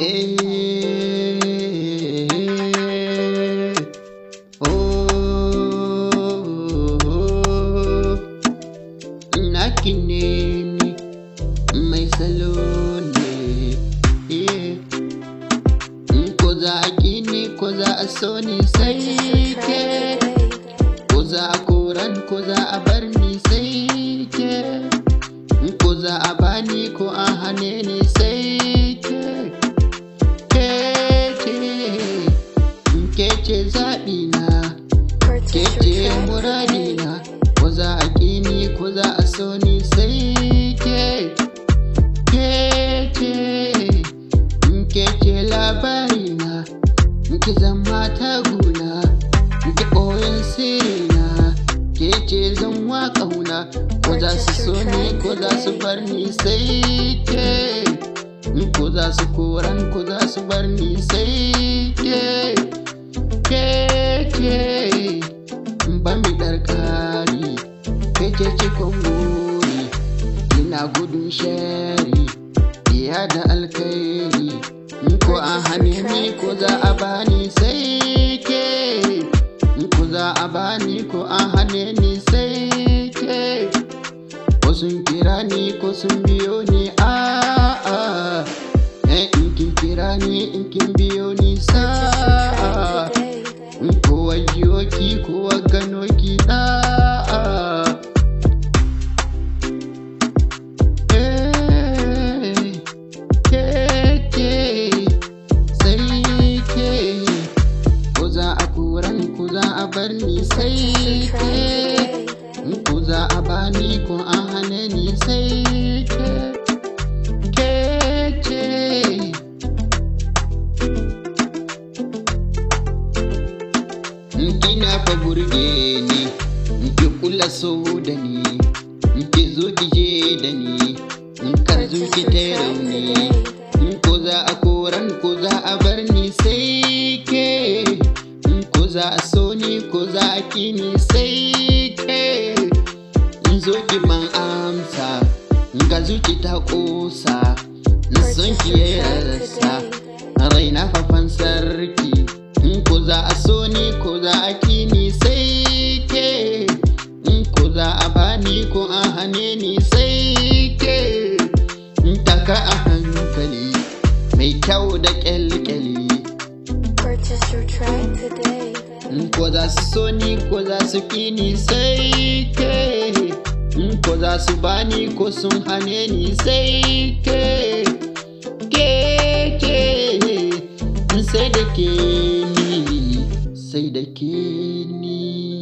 Eh, eh, eh. Naki ne ni mai salo ne ko za a ni ko za a so ni sai ko za a koran ko za a bar ni sai ko za a bani ko a hane ni Keke ce na ko za a ƙini ko za a so ni sai ke keke Keke labari na in ki zama ta guna in ki ɓoyin sirri na keke zan wa ƙauna ko za su so ni ko za su bar ni sai ke ko za su koran ko za su bar ni sai ke keke. ke cikin wuri ina gudun shari biya da alkairi ko a hane ko za a bani sai ke ko za a bani ko a hane ni sai ke ko sun kira ni ko sun biyo ni a a eh, in kin kira ni in kin biyo ni sa'a ko wayo ku za a bar ni sai ke ku za a bani ko an hane ni sai ke kina fa burge ni ki kula so da ni ki zo ki je da ni kar zuki ta rauni ki ni sai ke in ki ban amsa ga zuci ta kosa na ki ya rasa raina fafan sarki in ko za a so ni ko za a ki ni sai ke in ko za a bani ko a hane ni sai ke in taka a hankali mai kyau da kyalkyali Purchase your today. ko soni, su so ni ko za su ƙi ni sai ke ko bani ko sun hane ni sai ke ke ke sai da ke